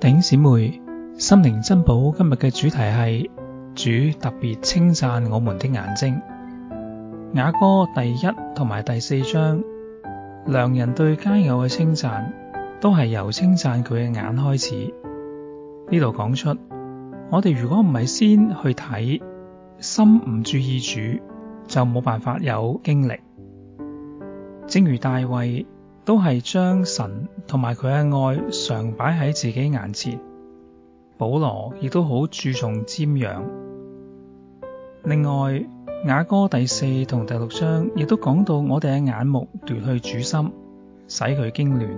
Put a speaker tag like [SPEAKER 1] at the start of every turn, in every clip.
[SPEAKER 1] 頂姊妹，心靈珍寶今日嘅主題係主特別稱讚我們的眼睛。雅歌第一同埋第四章，良人對佳偶嘅稱讚都係由稱讚佢嘅眼開始。呢度講出，我哋如果唔係先去睇，心唔注意主，就冇辦法有經歷。正如大衛。都係將神同埋佢嘅愛常擺喺自己眼前。保羅亦都好注重瞻仰。另外，雅歌第四同第六章亦都講到，我哋嘅眼目奪去主心，使佢驚亂。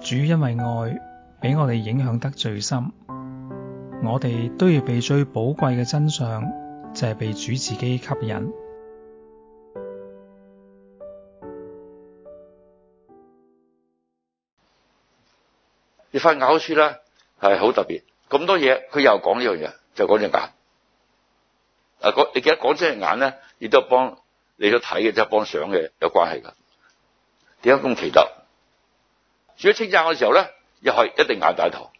[SPEAKER 1] 主因為愛，俾我哋影響得最深。我哋都要被最寶貴嘅真相，就係被主自己吸引。你翻咬書啦，係好特別，咁多嘢，佢又講呢樣嘢，就講隻眼。啊，你記得講隻眼咧，亦都幫你所睇嘅，即係幫相嘅有關係噶。點解咁奇特？除咗清真嘅時候咧，又係一定眼大頭，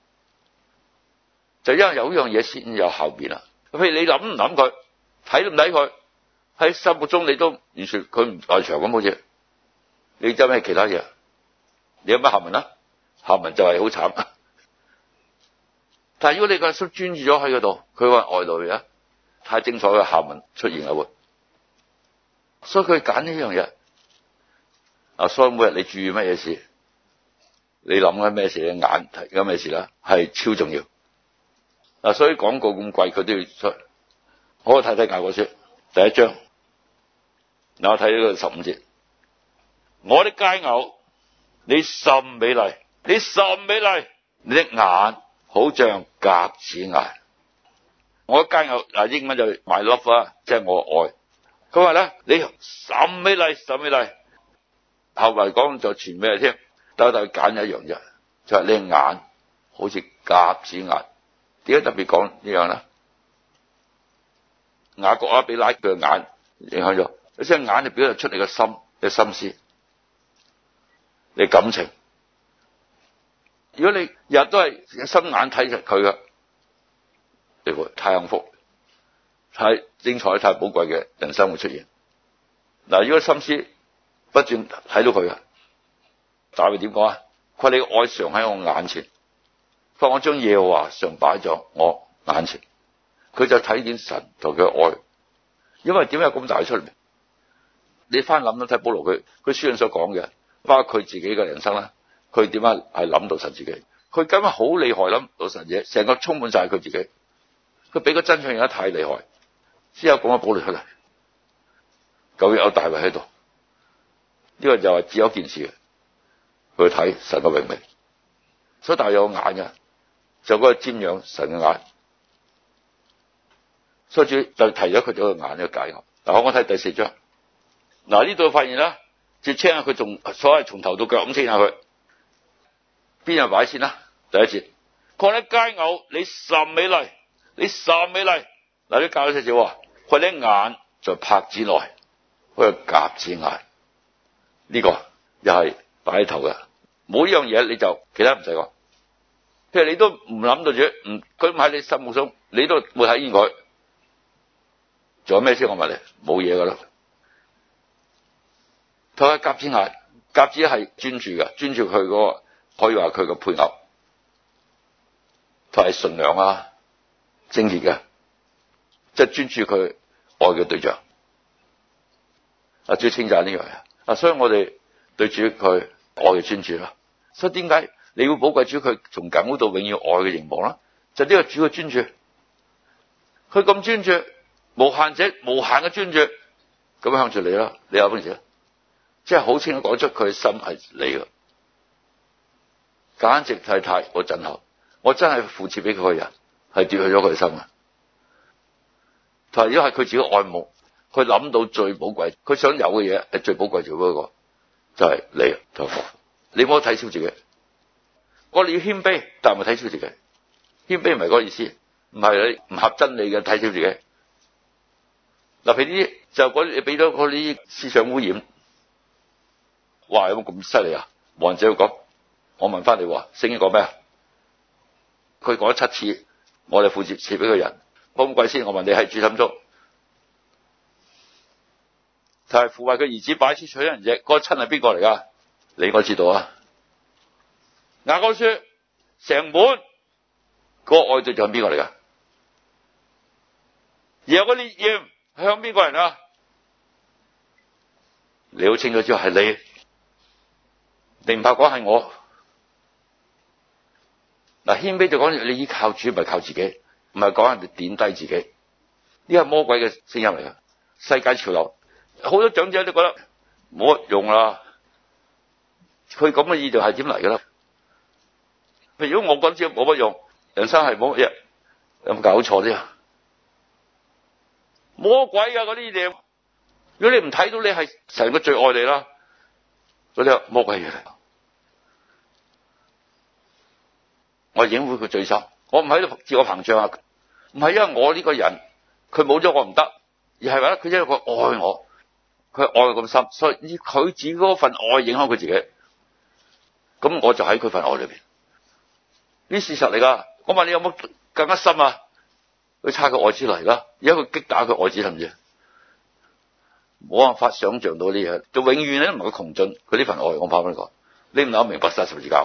[SPEAKER 1] 就因為有呢樣嘢先有後邊啦。譬如你諗唔諗佢，睇都唔睇佢，喺心目中你都完全佢唔在場咁好似，你做咩其他嘢？你有咩後文啊？下文就係好慘，但係如果你個心專注咗喺嗰度，佢話外在啊，太精彩嘅下文出現啦喎，所以佢揀呢樣嘢，嗱，所以每日你注意乜嘢事，你諗緊咩事，你眼睇緊咩事啦，係超重要，嗱，所以廣告咁貴佢都要出，我睇睇雅歌書，第一章，嗱，我睇呢到十五節，我的佳偶，你甚美麗。你甚美麗，你隻眼好像鴿子眼。我嘅佳偶啊，英文就 my love 啦，即係我愛。佢話咧，你甚美麗，甚美麗。後嚟講就全美嚟添，但係佢揀一樣啫，就係你眼好似鴿子眼。點解特別講呢樣咧？雅各俾拉結嘅眼影響咗，你隻眼就表達出你個心，你心思，你感情。如果你日日都係心眼睇着佢嘅，呢太幸福，太精彩、太寶貴嘅人生會出現。嗱，如果心思不斷睇到佢啊，就會點講啊？佢話你愛常喺我眼前，放我張耶和華常擺在我眼前，佢就睇見神同佢嘅愛。因為點解咁大出嚟？你翻諗一睇保羅佢佢書上所講嘅，包括佢自己嘅人生啦。佢點解？係諗到神自己。佢今日好厲害諗到神嘢，成個充滿晒佢自己。佢俾個真相而家太厲害，之有咁樣暴露出嚟。究竟有大衛喺度？呢、這個就係只有一件事的，去睇神嘅榮美。所以大係有眼嘅，就嗰個瞻仰神嘅眼。所以就提咗佢咗個眼呢解嗱，我睇第四章。嗱呢度發現啦，揭清啊，佢仲所謂從頭到腳咁清下佢。邊又擺先啦？第一節，佢喺佳偶，你甚美麗，你甚美麗。嗱，你教咗少少啊？佢啲眼就帕子內，佢、這個鴿子眼，呢個又係擺頭嘅。每一樣嘢你就其他唔使講，譬如你都唔諗到住，唔佢喺你心目中，你都會睇見佢。仲有咩先？我問你，冇嘢噶啦。佢下鴿子眼，鴿子係專注噶，專注佢嗰個。可以話佢個配偶，佢係純良啊、貞潔嘅，即係專註佢愛嘅對象。啊，主要稱讚呢樣啊，所以我哋對住佢愛嘅專注啦。所以點解你要寶貴主佢從緊箍到永遠愛嘅凝望啦？就呢、是、個主嘅專注，佢咁專注，無限者無限嘅專注，咁向住你啦。你有冇呢？即係好清楚講出佢嘅心係你嘅。簡直太太我震撼，我真係扶持俾佢嘅人，係奪去咗佢嘅心啊！但係因為佢自己愛慕，佢諗到最寶貴，佢想有嘅嘢係最寶貴、那個，就嗰個就係你啊！同你唔好睇小自己。我哋要謙卑，但係唔係睇小自己，謙卑唔係嗰意思，唔係你唔合真理嘅睇小自己。嗱，譬如呢啲就嗰你俾咗嗰啲思想污染，哇！有冇咁犀利啊？王者要講。我問翻你話，聖經講咩啊？佢講咗七次，我哋負責賜俾佢人。我咁鬼先，我問你係主心中，係父為佢兒子擺設娶親嘅。嗰、那個親係邊個嚟噶？你應該知道啊。嗱，雅歌書成本，嗰、那個愛對象就係邊個嚟噶？有個烈焰向邊個人啊？你好清楚，之後係你，你唔怕講係我。嗱，謙卑就講你依靠主，唔係靠自己，唔係講人哋貶低自己，呢個魔鬼嘅聲音嚟㗎。世界潮流，好多長者都覺得冇乜用啦。佢咁嘅意就係點嚟噶啦？譬如果我講知冇乜用，人生係冇乜嘢，有冇搞錯啲啊？魔鬼噶嗰啲嘢，如果你唔睇到，你係成個最愛你啦。所以魔鬼嚟。我影響佢最深，我唔喺度自我膨脹啊！唔係因為我呢個人，佢冇咗我唔得，而係話佢，因為佢愛我，佢愛我咁深，所以以佢自己嗰份愛影響佢自己，咁我就喺佢份愛裏邊。呢事實嚟噶，我問你有冇更加深啊？佢差佢愛之嚟啦，而家佢擊打佢愛之唔知。冇辦法想象到呢樣，就永遠咧唔係佢窮盡佢呢份愛。我跑翻嚟講，你唔諗明白晒十字架。」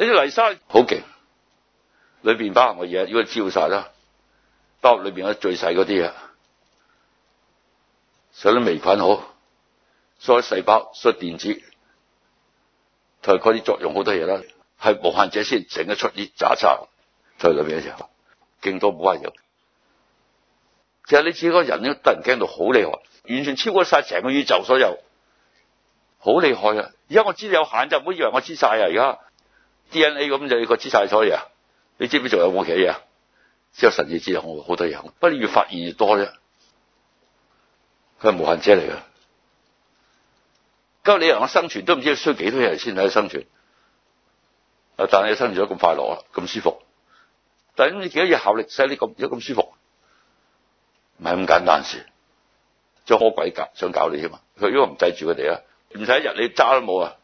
[SPEAKER 1] 呢啲泥沙好勁，裏邊包含嘅嘢，如果照晒啦，包裏邊嗰最細嗰啲啊！上啲微菌好，所有細胞、所有電子，佢係嗰啲作用好多嘢啦，係無限者先整得出呢啲渣沙喺裏邊嘅時候，勁多無限嘢。其實你知嗰個人都突然驚到好厲害，完全超過晒成個宇宙所有，好厲害啊！而家我知道你有限就唔好以為我知晒啊！而家。D N A 咁就你、那個知識所嚟啊！你知唔知仲有冇其他嘢？只有神至知啊！我好多嘢，不過越發現越多啫。佢係無限者嚟嘅。咁你人嘅生存都唔知需要需幾多嘢先可以生存啊！但係你生存咗咁快樂啊，咁舒服。但係咁你幾多嘢效力使你咁而家咁舒服？唔係咁簡單事。將好鬼夾想搞你啫嘛！佢如果唔制住佢哋啊，唔使一日你揸都冇啊！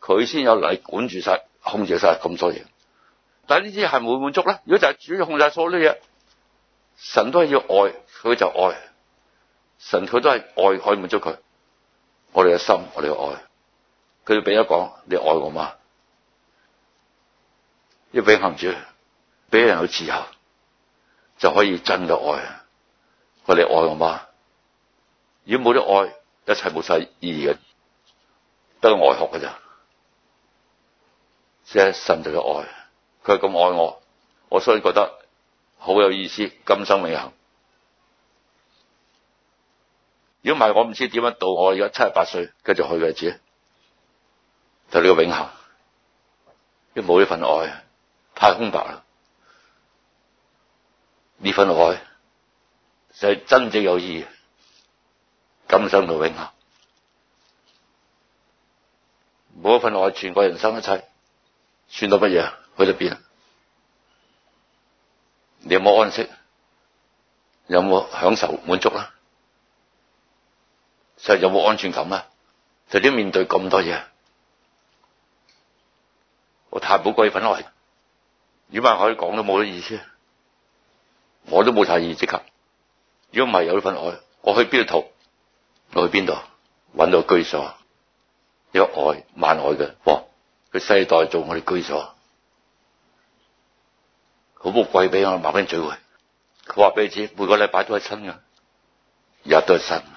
[SPEAKER 1] 佢先有嚟管住晒、控制晒咁多嘢。但係呢啲係唔會滿足咧？如果就係主要控制所有呢啲嘢，神都係要愛佢就愛神，佢都係愛可以滿足佢我哋嘅心，我哋嘅愛。佢要俾一講，你愛我嗎？要永行住，俾人有自由就可以真嘅愛啊！我哋愛我嗎？如果冇得愛，一切冇晒意義嘅，都係外學嘅咋？即係神就嘅愛，佢係咁愛我，我所以覺得好有意思，今生永恆。如果唔係，我唔知點樣到我而家七十八歲，繼續去嘅日子。就呢、是、個永恆。因冇一份愛，太空白啦。呢份愛就係、是、真正有意義，今生到永恆。冇一份愛，全個人生一切。算到乜嘢？去到邊啊？你有冇安息？有冇享受滿足啦？實有冇安全感啊？頭先面對咁多嘢，我太寶貴份愛。如果係可以講都冇得意思，我都冇太意即刻。如果唔係有呢份愛，我去邊度逃？我去邊度搵到居所？有愛萬愛嘅，哦佢世代做我哋居所，好寶貴俾我，萬兵聚會。佢話俾你知，每個禮拜都係新嘅，日都係新的。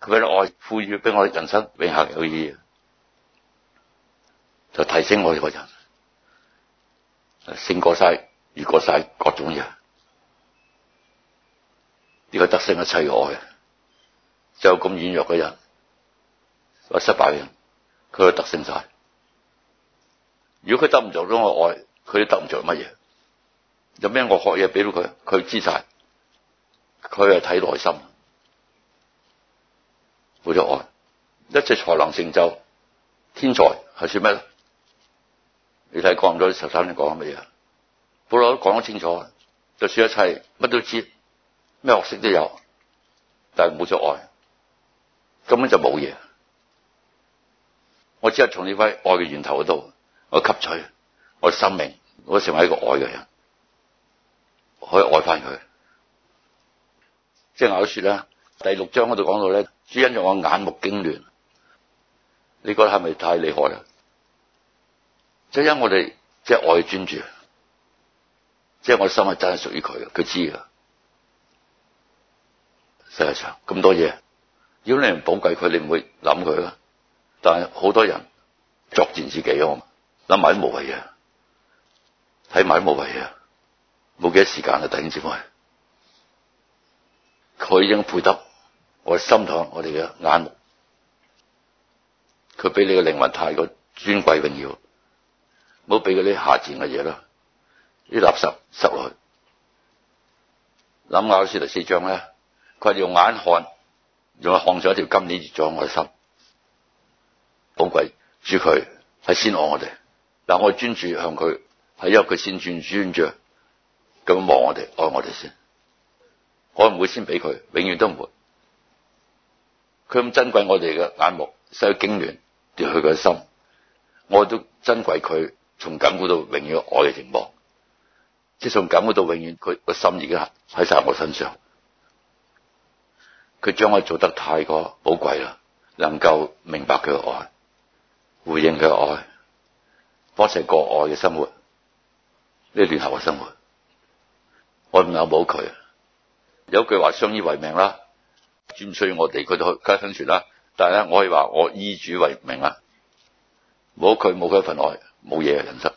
[SPEAKER 1] 佢俾啲愛賦予俾我哋人生，永恆有意義就提升我哋個人，勝過晒、越過晒各種東西、這個、這人。呢個特性一切愛啊！就咁軟弱嘅人，或失敗嘅人。佢嘅特性就係，如果佢得唔到咗個愛，佢都得唔到乜嘢？有咩我學嘢俾到佢？佢知晒，佢係睇內心，冇咗愛，一切才能成就天才係算咩咧？你睇講唔到十三，你講乜嘢？保羅都講得清楚，就算一切乜都知，咩學識都有，但係冇咗愛，根本就冇嘢。我只係從呢塊愛嘅源頭嗰度，我吸取我生命，我成為一個愛嘅人，可以愛返佢。即係我說啦，第六章嗰度講到咧，只因用我眼目驚亂，你覺得係咪太厲害啦？即、就是、因我哋即係愛專注，即、就、係、是、我心係真係屬於佢嘅，佢知㗎。世界上咁多嘢，如果你唔寶貴佢，你唔會諗佢啦。但係好多人作賤自己啊！諗埋啲無謂嘢，睇埋啲無謂嘢，冇幾多時間啊！第二次去，佢已經配得我心痛，我哋嘅眼目，佢俾你嘅靈魂太過尊貴榮耀，唔好俾嗰啲下賤嘅嘢啦，啲垃圾塞落去。諗下先第四章啦，佢係用眼看，用項上一條金鏈奪咗我嘅心。寶貴主佢係先愛我哋，嗱我專注向佢，係因為佢先轉專注咁望我哋愛我哋先。我唔會先俾佢，永遠都唔會。佢咁珍貴我哋嘅眼目，使佢驚亂，奪去佢個心，我都珍貴佢從感覺到永遠愛嘅情況，即係從感覺到永遠佢個心已經喺晒我身上。佢將我做得太過寶貴啦，能夠明白佢嘅愛。回應佢愛，幫助國外嘅生活，呢啲聯合嘅生活，我唔有冇佢，有句話相依為命啦，專需要我哋，佢都可生存啦。但係咧，我可以話我依主為命啊，冇佢冇佢份愛，冇嘢嘅人生。